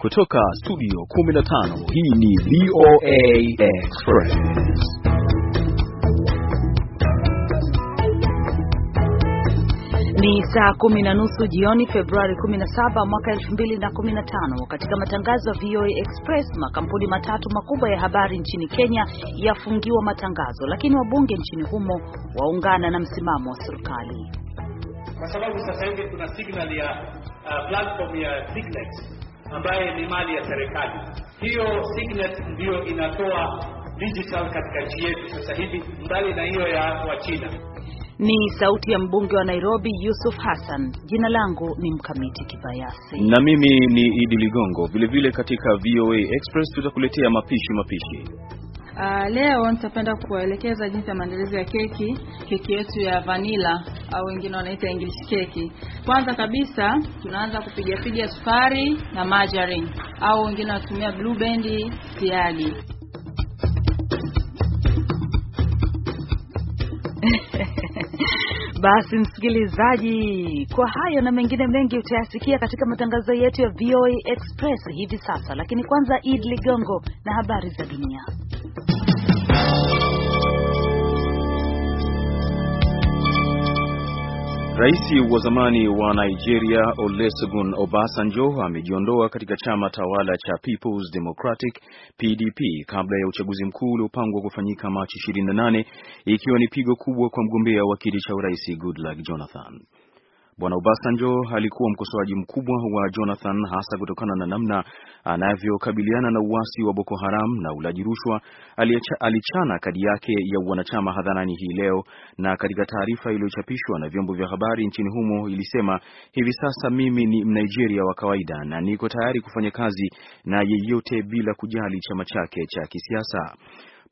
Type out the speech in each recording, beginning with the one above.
Kutoka studio 15 hii ni VOA Express. Ni saa kumi na nusu jioni Februari 17 mwaka 2015. Katika matangazo ya VOA Express, makampuni matatu makubwa ya habari nchini Kenya yafungiwa matangazo, lakini wabunge nchini humo waungana na msimamo wa serikali, kwa sababu sasa hivi kuna signal ya uh, platform ya Signet ambaye ni mali ya serikali. Hiyo Signet ndiyo inatoa digital katika nchi yetu sasa hivi, mbali na hiyo ya china Ni sauti ya mbunge wa Nairobi Yusuf Hassan. Jina langu ni Mkamiti Kibayasi, na mimi ni Idi Ligongo. Vilevile katika VOA Express tutakuletea mapishi mapishi Uh, leo nitapenda kuwaelekeza jinsi ya maandalizi ya keki, keki yetu ya vanila au wengine wanaita English keki. Kwanza kabisa tunaanza kupiga piga sukari na margarine au wengine wanatumia blue band siagi. Basi msikilizaji, kwa hayo na mengine mengi utayasikia katika matangazo yetu ya VOA Express hivi sasa, lakini kwanza Id Ligongo na habari za dunia. Rais wa zamani wa Nigeria Olusegun Obasanjo amejiondoa katika chama tawala cha People's Democratic PDP kabla ya uchaguzi mkuu uliopangwa kufanyika Machi 28 ikiwa ni pigo kubwa kwa mgombea wa kiti cha urais Goodluck Jonathan. Bwana Obasanjo alikuwa mkosoaji mkubwa wa Jonathan hasa kutokana na namna anavyokabiliana na uasi wa Boko Haram na ulaji rushwa. Alichana kadi yake ya wanachama hadharani hii leo, na katika taarifa iliyochapishwa na vyombo vya habari nchini humo ilisema, hivi sasa mimi ni Mnigeria wa kawaida na niko tayari kufanya kazi na yeyote bila kujali chama chake cha kisiasa.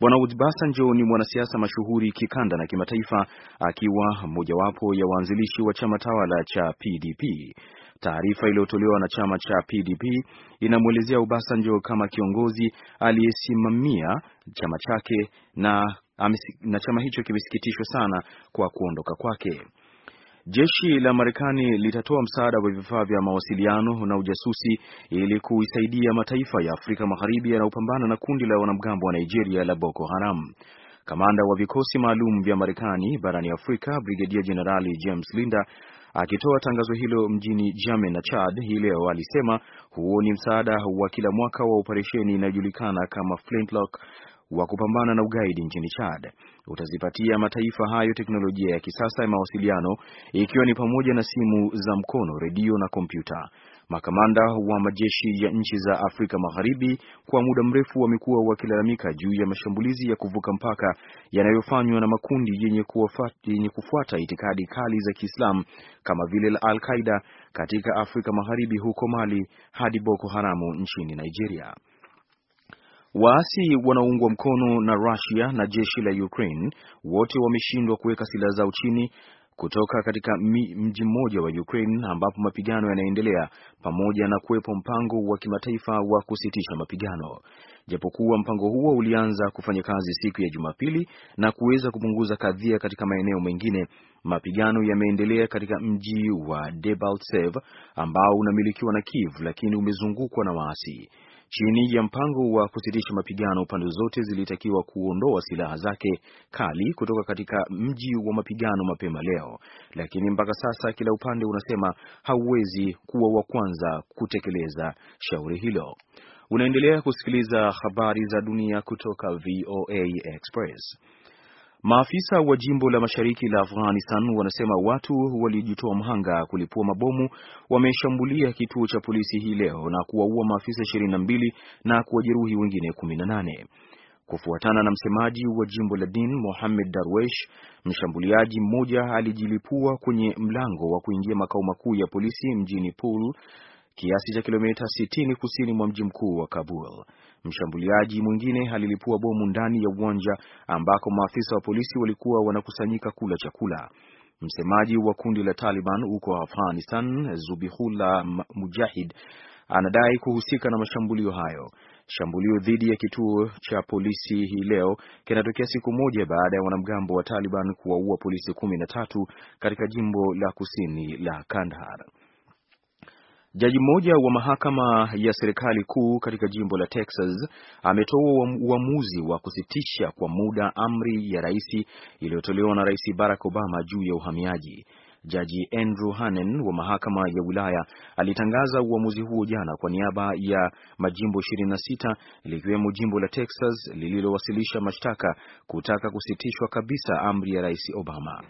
Bwana Obasanjo ni mwanasiasa mashuhuri kikanda na kimataifa, akiwa mojawapo ya waanzilishi wa chama tawala cha PDP. Taarifa iliyotolewa na chama cha PDP inamwelezea Obasanjo kama kiongozi aliyesimamia chama chake na, na chama hicho kimesikitishwa sana kwa kuondoka kwake. Jeshi la Marekani litatoa msaada wa vifaa vya mawasiliano na ujasusi ili kuisaidia mataifa ya Afrika Magharibi yanayopambana na kundi la wanamgambo wa Nigeria la Boko Haram. Kamanda wa vikosi maalum vya Marekani barani Afrika, Brigedia Jenerali James Linda akitoa tangazo hilo mjini Jame na Chad hii leo alisema huo ni msaada wa kila mwaka wa operesheni inayojulikana kama Flintlock wa kupambana na ugaidi nchini Chad utazipatia mataifa hayo teknolojia ya kisasa ya mawasiliano ikiwa ni pamoja na simu za mkono, redio na kompyuta. Makamanda wa majeshi ya nchi za Afrika Magharibi kwa muda mrefu wamekuwa wakilalamika juu ya mashambulizi ya kuvuka mpaka yanayofanywa na makundi yenye, kuwafat, yenye kufuata itikadi kali za Kiislamu kama vile al qaeda katika Afrika Magharibi huko Mali hadi Boko Haramu nchini Nigeria. Waasi wanaoungwa mkono na Russia na jeshi la Ukraine wote wameshindwa kuweka silaha zao chini kutoka katika mji mmoja wa Ukraine ambapo mapigano yanaendelea pamoja na kuwepo mpango wa kimataifa wa kusitisha mapigano. Japokuwa mpango huo ulianza kufanya kazi siku ya Jumapili na kuweza kupunguza kadhia katika maeneo mengine, mapigano yameendelea katika mji wa Debaltseve ambao unamilikiwa na Kiev lakini umezungukwa na waasi chini ya mpango wa kusitisha mapigano, pande zote zilitakiwa kuondoa silaha zake kali kutoka katika mji wa mapigano mapema leo, lakini mpaka sasa kila upande unasema hauwezi kuwa wa kwanza kutekeleza shauri hilo. Unaendelea kusikiliza habari za dunia kutoka VOA Express. Maafisa wa jimbo la mashariki la Afghanistan wanasema watu waliojitoa mhanga kulipua mabomu wameshambulia kituo cha polisi hii leo na kuwaua maafisa 22 na kuwajeruhi wengine 18. Kufuatana na msemaji wa jimbo la Din Mohamed Darwesh, mshambuliaji mmoja alijilipua kwenye mlango wa kuingia makao makuu ya polisi mjini Pul, kiasi cha kilomita 60 kusini mwa mji mkuu wa Kabul. Mshambuliaji mwingine alilipua bomu ndani ya uwanja ambako maafisa wa polisi walikuwa wanakusanyika kula chakula. Msemaji wa kundi la Taliban huko Afghanistan, Zubihullah Mujahid, anadai kuhusika na mashambulio hayo. Shambulio dhidi ya kituo cha polisi hii leo kinatokea siku moja baada ya wanamgambo wa Taliban kuwaua polisi kumi na tatu katika jimbo la kusini la Kandahar. Jaji mmoja wa mahakama ya serikali kuu katika jimbo la Texas ametoa uamuzi wa kusitisha kwa muda amri ya rais iliyotolewa na Rais Barack Obama juu ya uhamiaji. Jaji Andrew Hanen wa mahakama ya wilaya alitangaza uamuzi huo jana kwa niaba ya majimbo 26 likiwemo jimbo la Texas lililowasilisha mashtaka kutaka kusitishwa kabisa amri ya Rais Obama.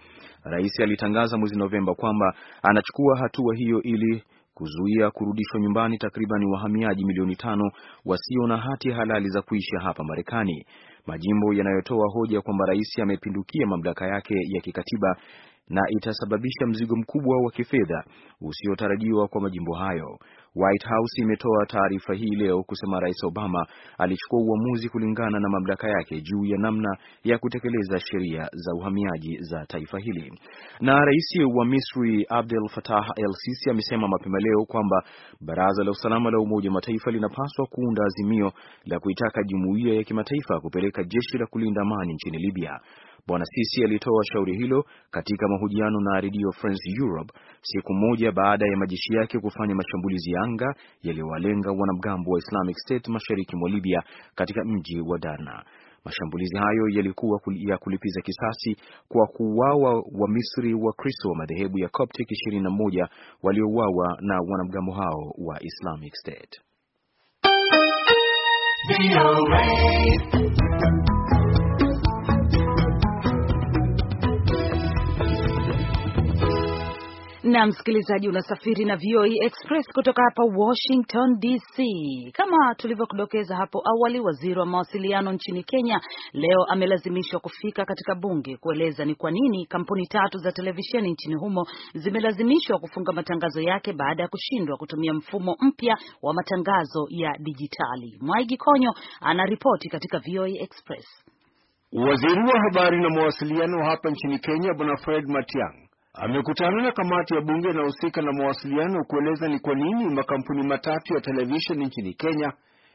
Rais alitangaza mwezi Novemba kwamba anachukua hatua hiyo ili kuzuia kurudishwa nyumbani takriban wahamiaji milioni tano wasio na hati halali za kuishi hapa Marekani. Majimbo yanayotoa hoja kwamba rais amepindukia mamlaka yake ya kikatiba na itasababisha mzigo mkubwa wa kifedha usiotarajiwa kwa majimbo hayo. White House imetoa taarifa hii leo kusema Rais Obama alichukua uamuzi kulingana na mamlaka yake juu ya namna ya kutekeleza sheria za uhamiaji za taifa hili. Na Rais wa Misri Abdel Fattah El-Sisi amesema mapema leo kwamba Baraza la Usalama la Umoja wa Mataifa linapaswa kuunda azimio la kuitaka jumuiya ya kimataifa kupeleka jeshi la kulinda amani nchini Libya. Bwana Sisi alitoa shauri hilo katika mahojiano na Radio France Europe siku moja baada ya majeshi yake kufanya mashambulizi ya anga yaliyowalenga wanamgambo wa Islamic State mashariki mwa Libya katika mji wa Darna. Mashambulizi hayo yalikuwa ya kulipiza kisasi kwa kuuawa Wamisri wa Kristo wa madhehebu ya Coptic 21 waliouawa na wanamgambo hao wa Islamic State. na msikilizaji, unasafiri na VOA e Express kutoka hapa Washington DC. Kama tulivyokudokeza hapo awali, waziri wa mawasiliano nchini Kenya leo amelazimishwa kufika katika bunge kueleza ni kwa nini kampuni tatu za televisheni nchini humo zimelazimishwa kufunga matangazo yake baada ya kushindwa kutumia mfumo mpya wa matangazo ya dijitali. Mwaigi Konyo anaripoti katika VOA e Express. Waziri wa habari na mawasiliano hapa nchini Kenya Bwana Fred Matiang'i amekutana na kamati ya bunge inayohusika na mawasiliano kueleza ni kwa nini makampuni matatu ya televisheni nchini Kenya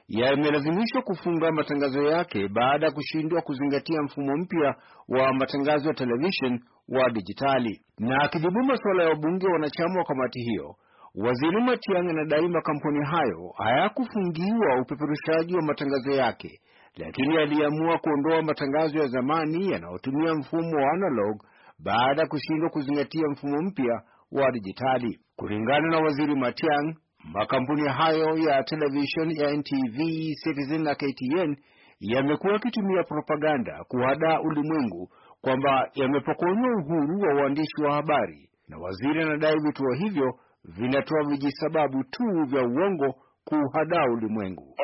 yamelazimishwa kufunga matangazo yake baada ya kushindwa kuzingatia mfumo mpya wa matangazo ya televisheni wa dijitali. Na akijibu masuala ya wabunge wanachama wa kamati hiyo, Waziri Matiang'i anadai makampuni hayo hayakufungiwa upeperushaji wa matangazo yake, lakini aliamua kuondoa matangazo ya zamani yanayotumia mfumo wa analog baada ya kushindwa kuzingatia mfumo mpya wa dijitali. Kulingana na Waziri Matiang, makampuni hayo ya television ya NTV, Citizen na KTN yamekuwa yakitumia propaganda kuhadaa ulimwengu kwamba yamepokonywa uhuru wa uandishi wa habari, na waziri anadai vituo hivyo vinatoa vijisababu tu vya uongo kuhadaa ulimwengu.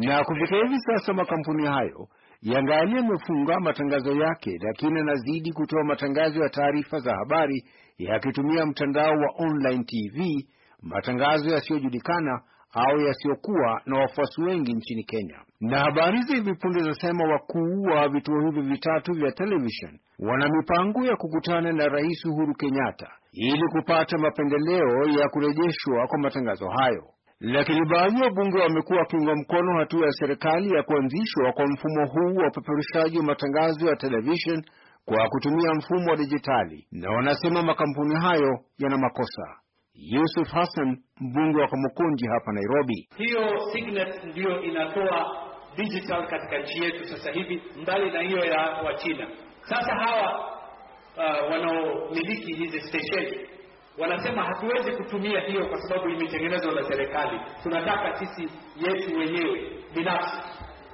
Na kufika hivi sasa makampuni hayo yangali yamefunga matangazo yake, lakini anazidi kutoa matangazo ya taarifa za habari yakitumia mtandao wa online TV, matangazo yasiyojulikana au yasiyokuwa na wafuasi wengi nchini Kenya. Na habari za hivi punde zinasema wakuu wa vituo hivi vitatu vya television wana mipango ya kukutana na Rais Uhuru Kenyatta ili kupata mapendeleo ya kurejeshwa kwa matangazo hayo. Lakini baadhi ya wabunge wamekuwa wakiunga mkono hatua ya serikali ya kuanzishwa kwa mfumo huu wa upeperushaji wa matangazo ya televishen kwa kutumia mfumo wa dijitali, na wanasema makampuni hayo yana makosa. Yusuf Hassan, mbunge wa Kamukunji hapa Nairobi: hiyo Signet ndiyo inatoa digital katika nchi yetu sasa hivi, mbali na hiyo ya Wachina. Sasa hawa uh, wanaomiliki hizi stesheni Wanasema hatuwezi kutumia hiyo kwa sababu imetengenezwa na serikali, tunataka sisi yetu wenyewe binafsi.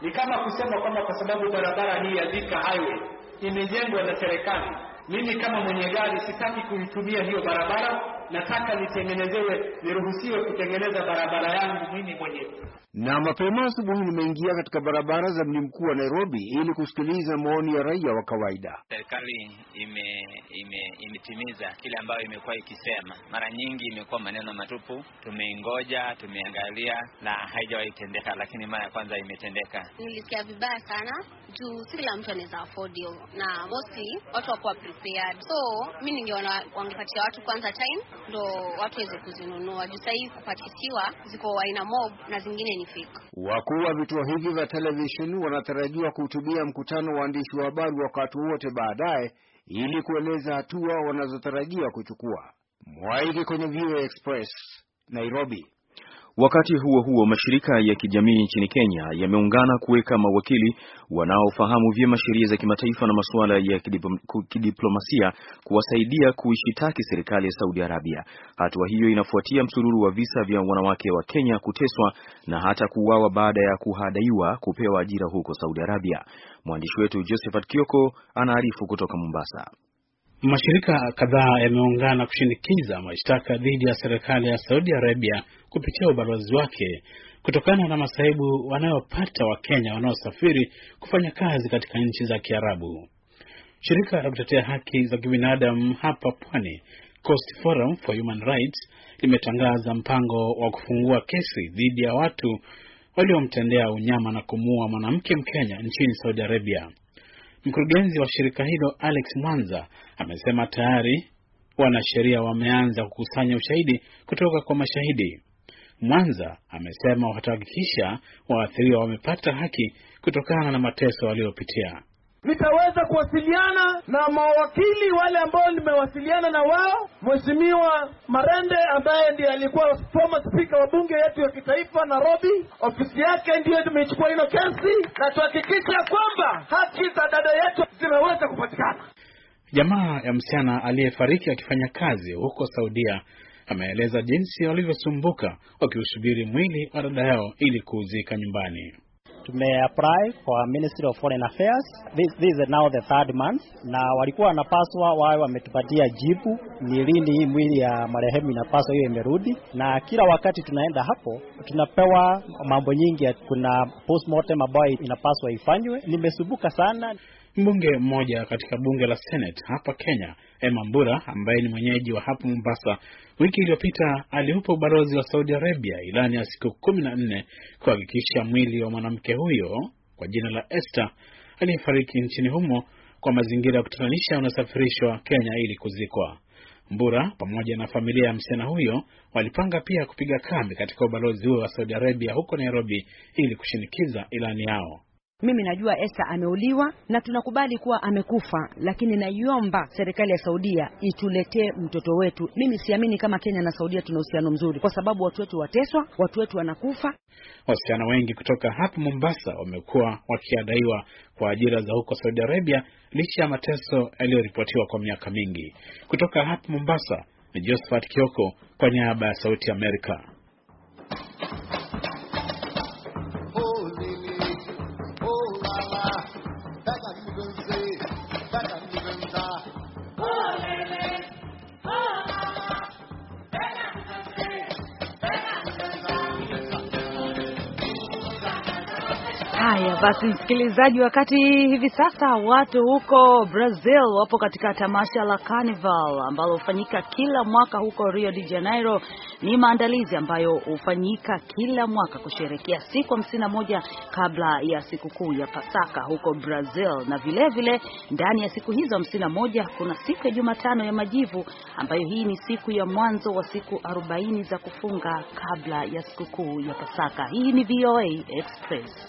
Ni kama kusema kwamba kwa sababu barabara hii ya Thika highway imejengwa na serikali, mimi kama mwenye gari sitaki kuitumia hiyo barabara nataka nitengenezewe, niruhusiwe kutengeneza barabara yangu mimi mwenyewe. Na mapema asubuhi nimeingia katika barabara za mji mkuu wa Nairobi ili kusikiliza maoni ya raia wa kawaida. Serikali imetimiza ime, kile ambayo imekuwa ikisema. Mara nyingi imekuwa maneno matupu, tumeingoja, tumeangalia na haijawahi tendeka, lakini mara ya kwanza imetendeka. Nilisikia vibaya sana juu si kila mtu anaweza afford hiyo, na mostly watu wakuwa prepared, so mi ningeona wangepatia watu kwanza time ndo watu waweze kuzinunua juu saa hii kupakitiwa ziko aina mob na zingine ni fake. Wakuu wa vituo hivi vya televisheni wanatarajiwa kuhutubia mkutano wa waandishi wa habari wakati wote baadaye ili kueleza hatua wanazotarajiwa kuchukua. Mwaiki kwenye View Express Nairobi. Wakati huo huo, mashirika ya kijamii nchini Kenya yameungana kuweka mawakili wanaofahamu vyema sheria za kimataifa na masuala ya kidiplomasia kuwasaidia kuishitaki serikali ya Saudi Arabia. Hatua hiyo inafuatia msururu wa visa vya wanawake wa Kenya kuteswa na hata kuuawa baada ya kuhadaiwa kupewa ajira huko Saudi Arabia. Mwandishi wetu Josephat Kioko anaarifu kutoka Mombasa. Mashirika kadhaa yameungana kushinikiza mashtaka dhidi ya serikali ya Saudi Arabia kupitia ubalozi wake kutokana na masaibu wanayopata Wakenya wanaosafiri kufanya kazi katika nchi za Kiarabu. Shirika la kutetea haki za kibinadamu hapa pwani Coast Forum for Human Rights limetangaza mpango wa kufungua kesi dhidi ya watu waliomtendea unyama na kumuua mwanamke Mkenya nchini Saudi Arabia. Mkurugenzi wa shirika hilo Alex Mwanza amesema tayari wanasheria wameanza kukusanya ushahidi kutoka kwa mashahidi. Mwanza amesema watahakikisha waathiriwa wamepata haki kutokana na mateso waliopitia nitaweza kuwasiliana na mawakili wale ambao nimewasiliana na wao. Mheshimiwa Marende ambaye ndiye alikuwa former speaker wa bunge yetu ya kitaifa Nairobi, ofisi yake ndiyo tumeichukua hilo kesi, na tuhakikisha kwamba haki za dada yetu zimeweza kupatikana. Jamaa ya msichana aliyefariki akifanya kazi huko Saudia ameeleza jinsi walivyosumbuka wakiusubiri mwili wa dada yao ili kuuzika nyumbani tumeapply kwa Ministry of Foreign Affairs. This, this is now the third month, na walikuwa wanapaswa wawe wametupatia jibu ni lini hii mwili ya marehemu inapaswa hiyo imerudi, na kila wakati tunaenda hapo tunapewa mambo nyingi. Kuna postmortem ambayo inapaswa ifanywe. Nimesubuka sana. Mbunge mmoja katika bunge la Senate hapa Kenya Emma Mbura ambaye ni mwenyeji wa hapo Mombasa, wiki iliyopita aliupa ubalozi wa Saudi Arabia ilani ya siku kumi na nne kuhakikisha mwili wa mwanamke huyo kwa jina la Esther aliyefariki nchini humo kwa mazingira ya kutatanisha unasafirishwa Kenya ili kuzikwa. Mbura pamoja na familia ya msichana huyo walipanga pia kupiga kambi katika ubalozi huo wa Saudi Arabia huko Nairobi ili kushinikiza ilani yao. Mimi najua Esta ameuliwa na tunakubali kuwa amekufa, lakini naiomba serikali ya Saudia ituletee mtoto wetu. Mimi siamini kama Kenya na Saudia tuna uhusiano mzuri, kwa sababu watu wetu wateswa, watu wetu wanakufa. Wasichana wengi kutoka hapa Mombasa wamekuwa wakiadaiwa kwa ajira za huko Saudi Arabia licha ya mateso yaliyoripotiwa kwa miaka mingi. Kutoka hapa Mombasa ni Josephat Kioko kwa niaba ya Sauti Amerika. Haya basi, msikilizaji, wakati hivi sasa watu huko Brazil wapo katika tamasha la Carnival ambalo hufanyika kila mwaka huko Rio de Janeiro. Ni maandalizi ambayo hufanyika kila mwaka kusherehekea siku hamsini na moja kabla ya sikukuu ya Pasaka huko Brazil, na vilevile vile, ndani ya siku hizo hamsini na moja kuna siku ya Jumatano ya Majivu ambayo hii ni siku ya mwanzo wa siku arobaini za kufunga kabla ya sikukuu ya Pasaka. Hii ni VOA Express.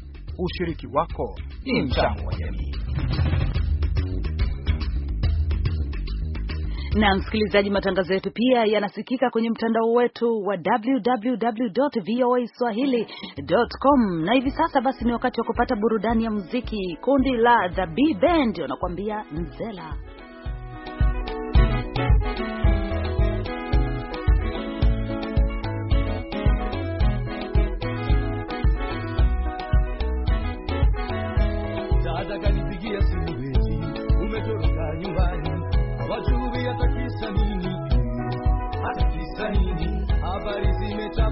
Ushiriki wako ni mchango wa jamii. na msikilizaji, matangazo yetu pia yanasikika kwenye mtandao wetu wa www.voaswahili.com. Na hivi sasa basi ni wakati wa kupata burudani ya muziki. Kundi la The B Band wanakuambia Nzela.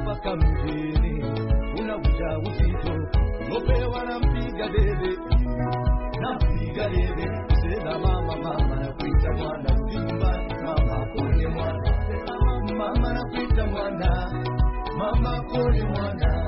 mpaka mjini, unakuja usito, ulopewa na mpiga debe, na mpiga debe, sema mama, mama nakuita mwana, usimbani mama, kwenye mwana, mama na nakuita mwana, mama kwenye mwana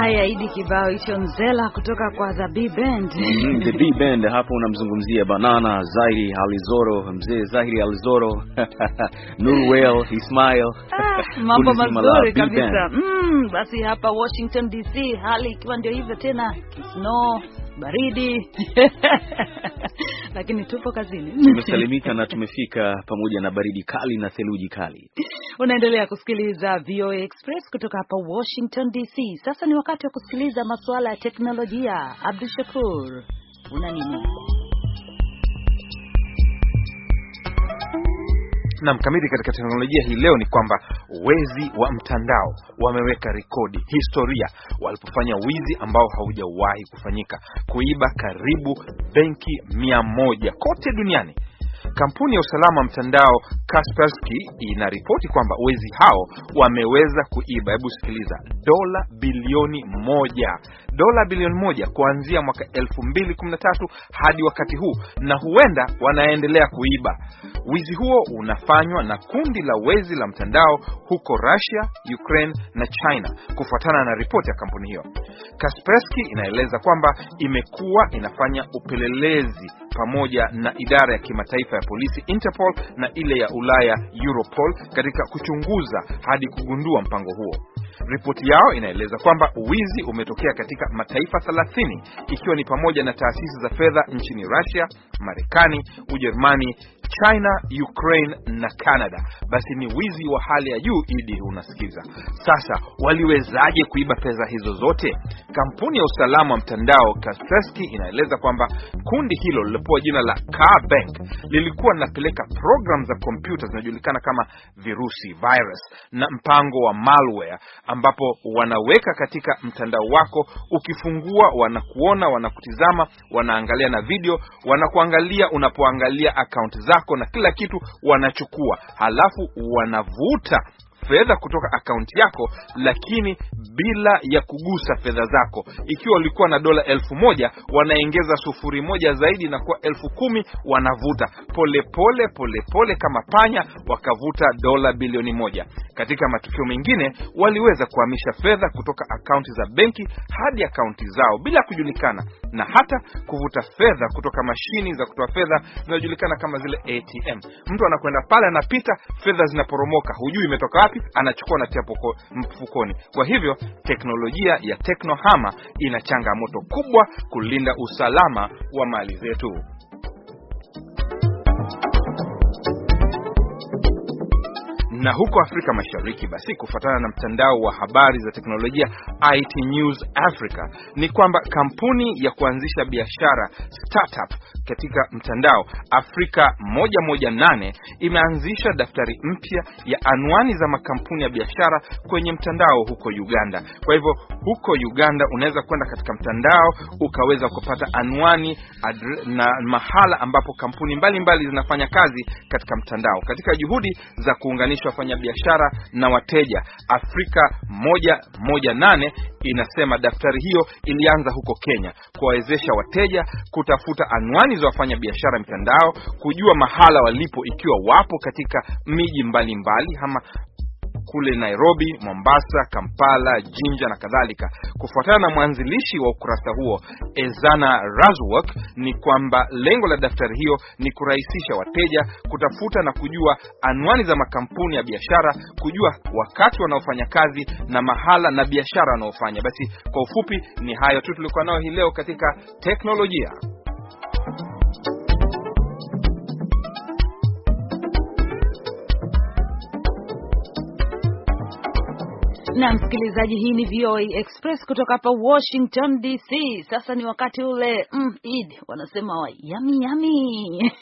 Haya, Idi, kibao hicho Nzela kutoka kwa The B Band. Mhm, The B Band hapo unamzungumzia Banana, Zahiri Alizoro, mzee Zahiri Alizoro, Nurwell, Ismail. Ah, mambo mazuri kabisa. Mm, basi hapa Washington DC hali ikiwa ndio hivyo tena, snow baridi lakini tupo kazini. Tumesalimika na tumefika pamoja na baridi kali na theluji kali. Unaendelea kusikiliza VOA Express kutoka hapa Washington DC. Sasa ni wakati wa kusikiliza masuala ya teknolojia. Abdushakur, una nini? na mkamiti katika teknolojia hii leo ni kwamba wezi wa mtandao wameweka rekodi, historia walipofanya wizi ambao haujawahi kufanyika, kuiba karibu benki mia moja kote duniani. Kampuni ya usalama mtandao Kaspersky inaripoti kwamba wezi hao wameweza kuiba, hebu sikiliza, dola bilioni moja, dola bilioni moja kuanzia mwaka 2013 hadi wakati huu, na huenda wanaendelea kuiba. Wizi huo unafanywa na kundi la wezi la mtandao huko Russia, Ukraine na China, kufuatana na ripoti ya kampuni hiyo. Kaspersky inaeleza kwamba imekuwa inafanya upelelezi pamoja na idara ya kimataifa ya polisi Interpol na ile ya Ulaya Europol katika kuchunguza hadi kugundua mpango huo. Ripoti yao inaeleza kwamba uwizi umetokea katika mataifa 30 ikiwa ni pamoja na taasisi za fedha nchini Russia, Marekani, Ujerumani, China, Ukraine na Canada, basi ni wizi wa hali ya juu. Idi, unasikiza sasa, waliwezaje kuiba pesa hizo zote? Kampuni ya usalama wa mtandao Kaspersky inaeleza kwamba kundi hilo lilipewa jina la Car Bank lilikuwa linapeleka programu za kompyuta zinajulikana kama virusi virus, na mpango wa malware, ambapo wanaweka katika mtandao wako. Ukifungua wanakuona, wanakutizama, wanaangalia na video, wanakuangalia unapoangalia akaunti zako wako na kila kitu, wanachukua halafu wanavuta fedha kutoka akaunti yako, lakini bila ya kugusa fedha zako. Ikiwa ulikuwa na dola elfu moja wanaengeza sufuri moja zaidi na kuwa elfu kumi wanavuta polepole polepole pole kama panya, wakavuta dola bilioni moja. Katika matukio mengine waliweza kuhamisha fedha kutoka akaunti za benki hadi akaunti zao bila kujulikana, na hata kuvuta fedha kutoka mashini za kutoa fedha zinazojulikana kama zile ATM. Mtu anakwenda pale, anapita, fedha zinaporomoka, hujui imetoka wapi, anachukua na tia mfukoni. Kwa hivyo teknolojia ya teknohama ina changamoto kubwa kulinda usalama wa mali zetu. Na huko Afrika Mashariki, basi kufuatana na mtandao wa habari za teknolojia IT News Africa, ni kwamba kampuni ya kuanzisha biashara startup katika mtandao Afrika nane imeanzisha daftari mpya ya anwani za makampuni ya biashara kwenye mtandao huko Uganda. Kwa hivyo huko Uganda unaweza kwenda katika mtandao ukaweza kupata anwani na mahala ambapo kampuni mbalimbali mbali zinafanya kazi katika mtandao katika juhudi za kuunganisha wafanyabiashara na wateja Afrika moja moja nane inasema daftari hiyo ilianza huko Kenya kuwawezesha wateja kutafuta anwani za wafanyabiashara mitandao, kujua mahala walipo ikiwa wapo katika miji mbalimbali mbali, ama kule Nairobi, Mombasa, Kampala, Jinja na kadhalika. Kufuatana na mwanzilishi wa ukurasa huo Ezana Razwork, ni kwamba lengo la daftari hiyo ni kurahisisha wateja kutafuta na kujua anwani za makampuni ya biashara, kujua wakati wanaofanya kazi na mahala na biashara wanaofanya. Basi kwa ufupi ni hayo tu tulikuwa nayo hii leo katika teknolojia. na msikilizaji, hii ni VOA Express kutoka hapa Washington DC. Sasa ni wakati ule mm, Eid wanasema wa yami yami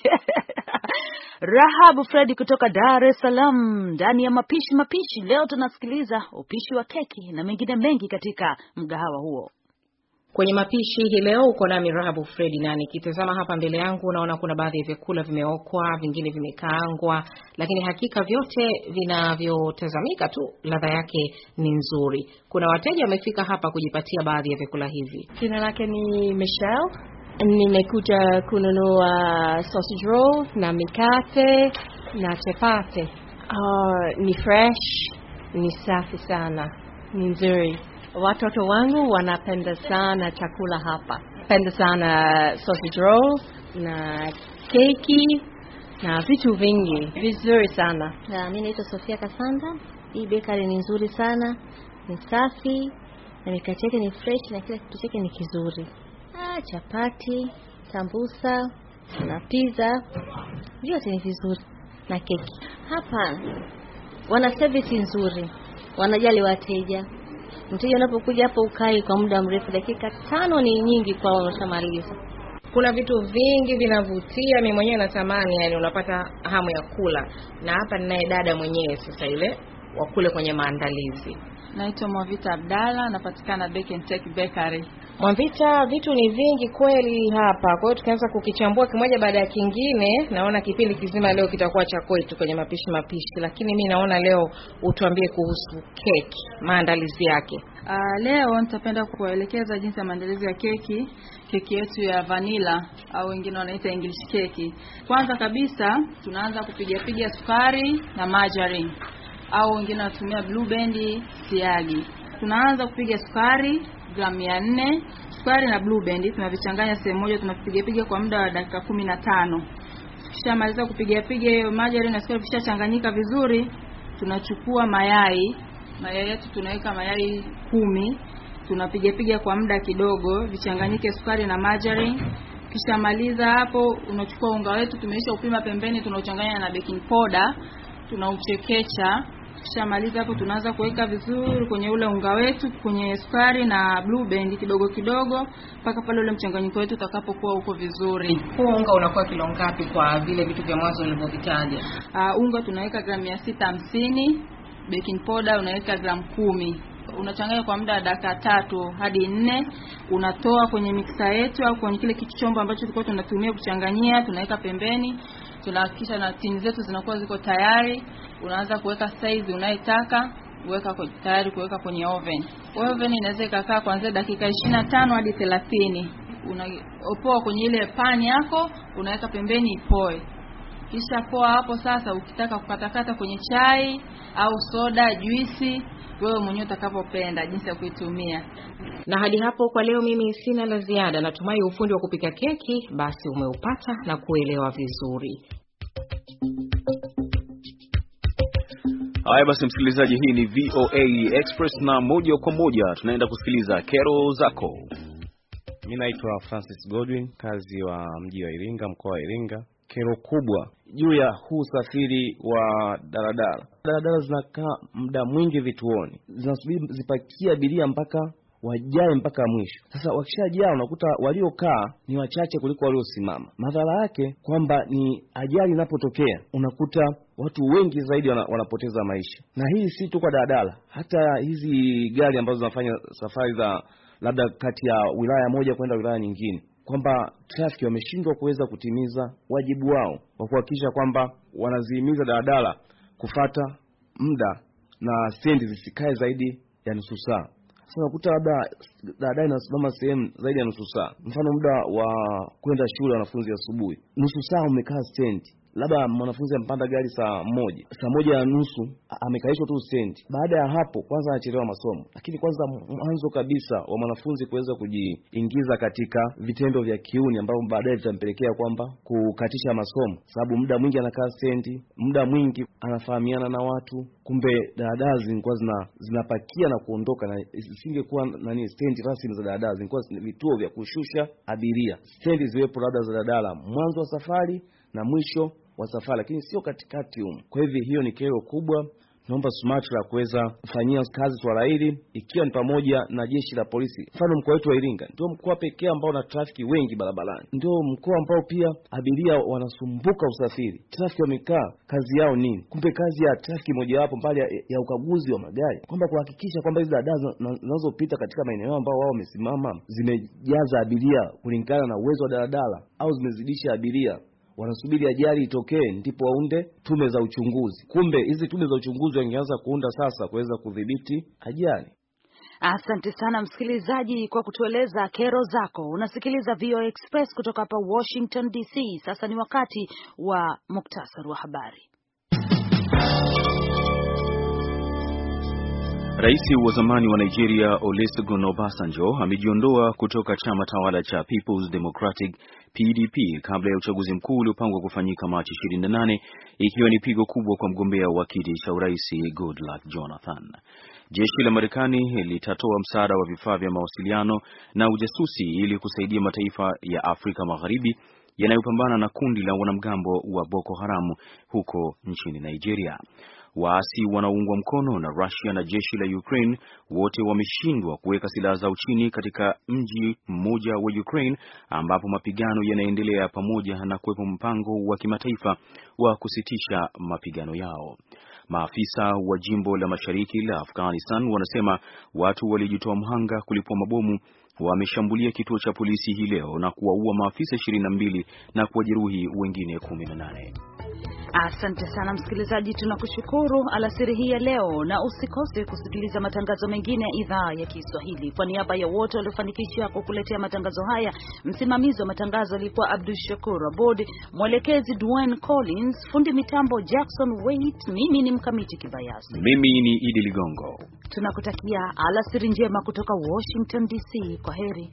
Rahabu Fredi kutoka Dar es Salaam, ndani ya mapishi mapishi. Leo tunasikiliza upishi wa keki na mengine mengi katika mgahawa huo. Kwenye mapishi hii leo uko nami Rahabu Fredi, na nikitazama hapa mbele yangu naona kuna baadhi ya vyakula vimeokwa, vingine vimekaangwa, lakini hakika vyote vinavyotazamika tu ladha yake ni nzuri. Kuna wateja wamefika hapa kujipatia baadhi ya vyakula hivi. Jina lake ni michel Nimekuja kununua sausage roll na mikate na chepate Uh, ah, ni fresh, ni safi sana, ni nzuri Watoto wangu wanapenda sana chakula hapa, penda sana sausage roll na keki na vitu vingi vizuri sana. Mimi naitwa Sofia Kasanda. Hii bakery ni nzuri sana, ni safi na mikate yake ni fresh na kila kitu chake ni kizuri. Ah, chapati, sambusa na pizza vyote ni vizuri na keki. Hapa wana service nzuri, wanajali wateja. Mteja unapokuja hapo ukai kwa muda mrefu, dakika tano ni nyingi kwao, unashamaliza. Kuna vitu vingi vinavutia, mimi mwenyewe natamani, yani unapata hamu ya kula. Na hapa ninaye dada mwenyewe sasa, ile wa kule kwenye maandalizi. Naitwa Mwavita Abdalla, napatikana Bake and Tech Bakery. Mwavita, vitu ni vingi kweli hapa, kwa hiyo tukianza kukichambua kimoja baada ya kingine, naona kipindi kizima leo kitakuwa cha kwetu kwenye mapishi mapishi, lakini mi naona leo utuambie kuhusu keki, maandalizi yake. Uh, leo nitapenda kuwaelekeza jinsi ya maandalizi ya keki, keki yetu ya vanila au wengine wanaita English keki. Kwanza kabisa tunaanza kupigapiga sukari na margarine au wengine wanatumia blue band siagi. Tunaanza kupiga sukari gramu ya nne. Sukari na blue band tunavichanganya sehemu moja, tunapiga piga kwa muda wa dakika kumi na tano. Tukishamaliza kupiga piga hiyo margarine na sukari vikishachanganyika vizuri, tunachukua mayai mayai yetu tunaweka mayai kumi, tunapiga piga kwa muda kidogo vichanganyike sukari na margarine. Kishamaliza hapo, unachukua unga wetu tumeisha upima pembeni, tunauchanganya na baking powder, tunauchekecha Tukishamaliza hapo, tunaanza kuweka vizuri kwenye ule unga wetu kwenye sukari na blue band kidogo kidogo, mpaka pale ule mchanganyiko wetu utakapokuwa uko vizuri. Huu unga unakuwa kilo ngapi kwa vile vitu vya mwanzo ulivyovitaja? Uh, unga tunaweka gramu mia sita hamsini, baking powder unaweka gramu kumi unachanganya kwa muda wa dakika tatu hadi nne. Unatoa kwenye miksa yetu au kwenye kile kitu chombo ambacho tulikuwa tunatumia kuchanganyia, tunaweka pembeni. Tunahakikisha na tini zetu zinakuwa ziko tayari unaanza kuweka size unayetaka weka tayari kuweka kwenye oven. Oven inaweza ikakaa kuanzia dakika 25 hadi 30. Unapoa kwenye ile pani yako, unaweka pembeni ipoe. Kisha poa hapo sasa, ukitaka kukatakata kwenye chai au soda, juisi, wewe mwenyewe utakapopenda jinsi ya kuitumia. Na hadi hapo kwa leo, mimi sina la ziada. Natumai ufundi wa kupika keki basi umeupata na kuelewa vizuri. Haya basi, msikilizaji, hii ni VOA Express na moja kwa moja tunaenda kusikiliza kero zako. Mi naitwa Francis Godwin, kazi wa mji wa Iringa, mkoa wa Iringa. Kero kubwa juu ya huu usafiri wa daladala. Daladala zinakaa muda mwingi vituoni, zinasubiri zipakia abiria mpaka wajae mpaka mwisho. Sasa wakishajaa, unakuta waliokaa ni wachache kuliko waliosimama. Madhara yake kwamba ni ajali inapotokea unakuta watu wengi zaidi wanapoteza maisha, na hii si tu kwa daladala, hata hizi gari ambazo zinafanya safari za labda kati ya wilaya moja kwenda wilaya nyingine, kwamba trafiki wameshindwa kuweza kutimiza wajibu wao wa kuhakikisha kwamba wanazihimiza daladala kufata muda na sendi zisikae zaidi ya nusu saa. Sasa unakuta labda daladala inasimama sehemu zaidi ya nusu saa, mfano muda wa kwenda shule wanafunzi asubuhi, nusu saa umekaa stendi labda mwanafunzi amepanda gari saa moja saa moja na nusu amekaishwa tu stendi. Baada ya hapo, kwanza anachelewa masomo, lakini kwanza mwanzo kabisa wa mwanafunzi kuweza kujiingiza katika vitendo vya kiuni ambavyo baadaye vitampelekea kwamba kukatisha masomo, sababu muda mwingi anakaa stendi, muda mwingi anafahamiana na watu, kumbe dadaa zilikuwa zina, zinapakia na kuondoka, na isingekuwa nani stendi rasmi za dadaa, zilikuwa vituo vya kushusha abiria. Stendi ziwepo labda za daladala mwanzo wa safari na mwisho wa safari, lakini sio katikati humu. Kwa hivyo hiyo ni kero kubwa. Naomba SUMATRA kuweza kufanyia kazi swala hili, ikiwa ni pamoja na jeshi la polisi. Mfano, mkoa wetu wa Iringa ndio mkoa pekee ambao na trafiki wengi barabarani, ndio mkoa ambao pia abiria wanasumbuka usafiri. Trafiki wamekaa kazi yao nini? Kumbe kazi ya trafiki mojawapo, mbali ya ukaguzi wa magari, kwamba kuhakikisha kwamba hizi dada zinazopita katika maeneo ambao wao wamesimama zimejaza abiria kulingana na uwezo wa daladala au zimezidisha abiria wanasubiri ajali itokee ndipo waunde tume za uchunguzi. Kumbe hizi tume za uchunguzi wangeanza kuunda sasa kuweza kudhibiti ajali. Asante sana msikilizaji kwa kutueleza kero zako. Unasikiliza VOA Express kutoka hapa Washington DC. Sasa ni wakati wa muktasari wa habari. Rais wa zamani wa Nigeria Olusegun Obasanjo amejiondoa kutoka chama tawala cha People's Democratic PDP kabla ya uchaguzi mkuu uliopangwa kufanyika Machi 28 ikiwa ni pigo kubwa kwa mgombea wa kiti cha urais Goodluck Jonathan. Jeshi la Marekani litatoa msaada wa vifaa vya mawasiliano na ujasusi ili kusaidia mataifa ya Afrika Magharibi yanayopambana na kundi la wanamgambo wa Boko Haramu huko nchini Nigeria. Waasi wanaoungwa mkono na Russia na jeshi la Ukraine wote wameshindwa kuweka silaha zao chini katika mji mmoja wa Ukraine ambapo mapigano yanaendelea pamoja na kuwepo mpango wa kimataifa wa kusitisha mapigano yao. Maafisa wa jimbo la mashariki la Afghanistan wanasema watu waliojitoa mhanga kulipua mabomu wameshambulia kituo cha polisi hii leo na kuwaua maafisa 22 na kuwajeruhi wengine 18. Asante sana msikilizaji, tunakushukuru alasiri hii ya leo, na usikose kusikiliza matangazo mengine ya idhaa ya Kiswahili. Kwa niaba ya wote waliofanikisha kukuletea matangazo haya, msimamizi wa matangazo alikuwa Abdu Shakur Abod, mwelekezi Dwayne Collins, fundi mitambo Jackson Wait, mimi ni Mkamiti Kibayasi, mimi ni Idi Ligongo. Tunakutakia alasiri njema kutoka Washington DC. Kwa heri.